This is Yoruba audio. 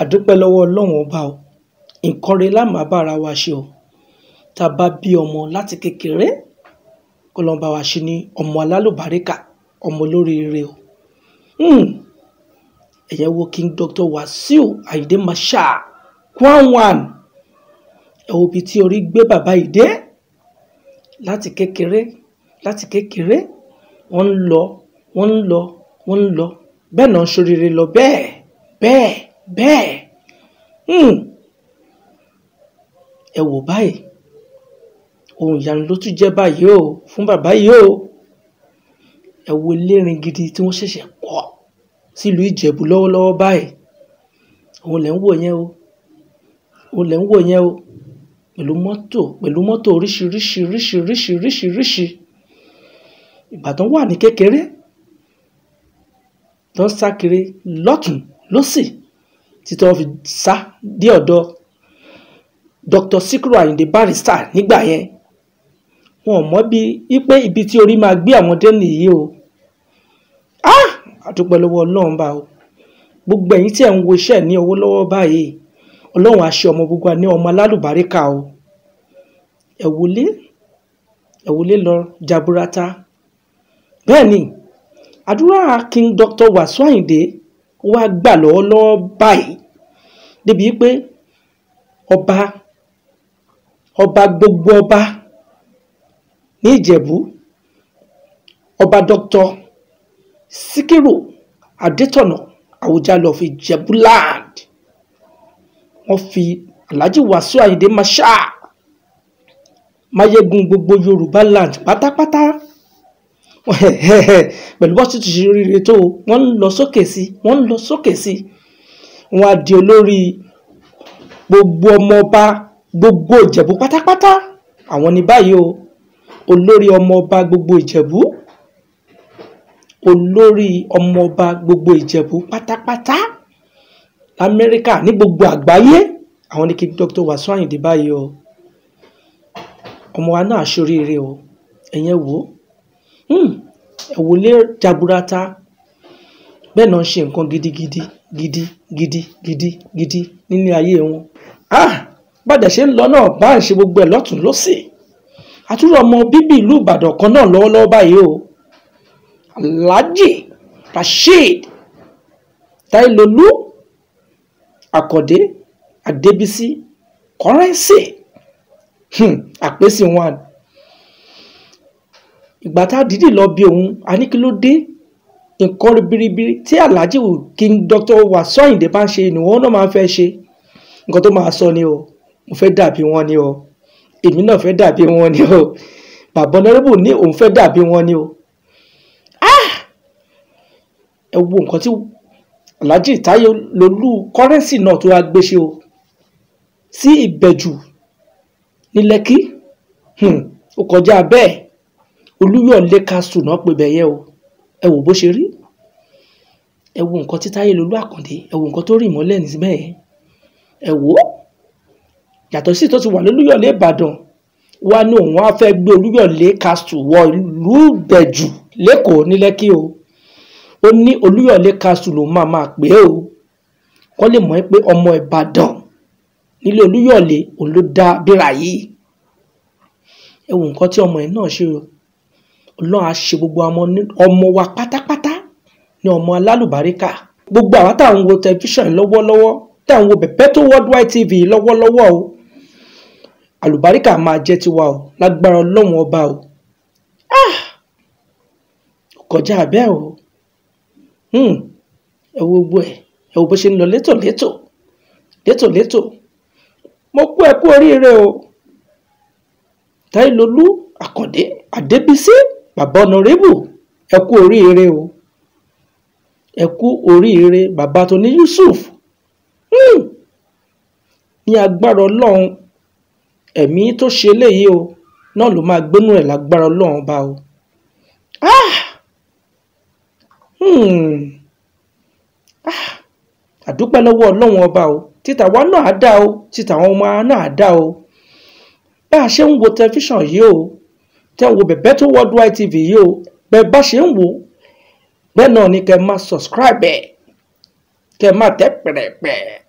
àdúpẹ́ lọ́wọ́ ọlọ́run ọba o nǹkan rẹ láàmú abára wa ṣe o tá a bá bí ọmọ láti kékeré kó lọ́n bá wa ṣe ní ọmọ alálùbáríkà ọmọ olóríire o hmm. ẹ̀yẹ́ wo king doctor Wasiu Ayinde Marshal kwanwan ẹ wo ibi tí orí gbé bàbá yìí dé láti kékeré láti kékeré wọ́n ń lọ wọ́n ń lọ wọ́n ń lọ bẹ́ẹ̀ náà ń ṣoríire lọ bẹ́ẹ̀ bẹ́ẹ̀ bẹ́ẹ̀ hmm. ẹ wò báyìí ohun ìyanu ló tún jẹ́ báyìí o fún bàbá yìí o ẹ wo elérin gidi tí wọ́n ṣẹ̀ṣẹ̀ kọ́ sílùú Ìjẹ̀bú lọ́wọ́lọ́wọ́ báyìí òun lẹ̀ ń wò yẹn o òun lẹ̀ ń wò yẹn o pẹ̀lú mọ́tò pẹ̀lú mọ́tò oríṣiríṣiríṣiríṣiríṣi ìgbà tó wà ní kékeré ló ń sá kiri lọ́tún lọ́sì tí tó fi sá dé ọ̀dọ̀ Dr. Sikiru Ayinde Barrister nígbà yẹn wọn ò mọ̀ bí ipe ibi tí orí máa gbé àwọn dé nìyí o àdúpẹ́ ah! lọ́wọ́ Ọlọ́run bá o gbogbo ẹ̀yin tí ẹ̀ ń wo iṣẹ́ ní owó lọ́wọ́ báyìí Ọlọ́run á ṣe ọmọ gbogbo ní ọmọ alálùbáríkà o ẹ̀ wọlé ẹ̀ wọlé lọ jaburata bẹ́ẹ̀ ni àdúrà king doctor wàsíù àyìndé wá gbà lọ́wọ́lọ́wọ́ báyìí débìí pé ọba ọba gbogbo ọba ní ìjẹ̀bú ọba dr síkírù adétọ̀nà àwùjalọ fi jẹ̀bú land wọ́n fi alhaji wàsíù àyìndé masha mayegun gbogbo yorùbá land pátápátá pẹ̀lú bọ́sì ti ṣe rere tó wọ́n ń lọ sókè sí wọ́n ń lọ sókè sí wọ́n á di olórí gbogbo ọmọọba gbogbo ìjẹ̀bú pátápátá àwọn ní báyìí o olórí ọmọọba gbogbo ìjẹ̀bú olórí ọmọọba gbogbo ìjẹ̀bú pátápátá lamẹ́ríkà ní gbogbo àgbáyé àwọn ní kí dr Wasiu Ayinde báyìí o ọmọ wa náà ṣoríire o ẹ̀yẹn wò ó Hmm, ẹ̀wọ̀lé jaburata bẹ́ẹ̀ náà ń ṣe nǹkan gidigidi gidi gidi gidi gidi nílé ayé wọn ah bàdẹ̀ ṣe ń lọ náà bá ń ṣe gbogbo ẹ̀ lọ́tún lọ́sì àtúrò ọmọ bíbí ìlú ìbàdàn kan náà lọ́wọ́lọ́wọ́ báyìí o alhaji rasheed tailolu akande adebisi currency hmm, àpèsè one ìgbà tá a dìídì lọ bí òun a ní kí ló dé nǹkan ribiribiri tí alhaji kí n dr Wasiu Ayinde máa ń ṣe ìnìwọ́n náà máa ń fẹ́ ṣe nǹkan tó máa sọ ni o mo fẹ́ dàbí wọn ni o èmi náà fẹ́ dàbí wọn ni o bàbá ọ̀nàrẹ́bù ní òun fẹ́ dàbí wọn ni o ah! ẹ wo nǹkan tí alhaji Táyé lolú kọ́rẹ́nsì náà tó wá gbé ṣe o sí ìbẹ̀jù ní Lẹ́kì hmm, ó kọjá bẹ́ẹ̀ olúyọ̀lé castle náà pé bẹ́ẹ̀ o ẹ wò bó ṣe rí ẹ wo nǹkan tí táyé lolú àkàndé ẹ wo nǹkan tó rìn mọ́lẹ̀ níbẹ̀ yẹn ẹ wò ó yàtọ̀ sí tó ti wà lólúyọ̀lé ìbàdàn wá ní òun á fẹ́ gbé olúyọ̀lé castle wọ ìlú ìbẹ̀jù lẹ́kọ̀ọ́ ní lẹ́kì o ó ní olúyọ̀lé castle lòun máa máa pè é o kọ́ lè mọ̀ ẹ́ pé ọmọ ìbàdàn nílé olúyọ̀lé òun ló dá bíra yìí ẹ wo nǹkan tí ọmọ yẹn náà ṣe o ọlọ́run á ṣe gbogbo ọmọ wa pátápátá ní ọmọ alálùbáríkà gbogbo àwa tá à ń wo tẹlifíṣàn lọ́wọ́lọ́wọ́ tá à ń wo Bepeto Worldwide TV lọ́wọ́lọ́wọ́ o àlùbáríkà máa jẹ́ tiwa o lágbára ọlọ́run ọba o ah kọjá bẹ́ẹ̀ o hmm. ẹ wo gbogbo ẹ ẹ wo bó ṣe ń lọ létòlétò létòlétò mo kú ẹ kú oríire o Táílolú Àkàndé Adébísí bàbá ọ̀nàrẹ́bù ẹ kú oríire o ẹ kú oríire bàbá tó ní Yusuf hmm. ní agbára Ọlọ́run ẹ̀mí tó ṣe léyìí o náà ló máa gbénú ẹ̀ lágbára Ọlọ́run bá o. Ah! Hmm. Ah! àdúpẹ́ lọ́wọ́ ọlọ́run ọba o títà wa náà á dá o títà àwọn ọmọ náà á dá o bá a ṣe ń wo tẹlifíṣàn yìí o tẹ́ wo Bebeto Worldwide TV yìí o bẹ́ẹ̀ bá ṣe ń wò bẹ́ẹ̀ náà ni kẹ́ máa subscribe ẹ̀ kẹ́ máa tẹ́ pẹ̀rẹ̀pẹ̀rẹ̀.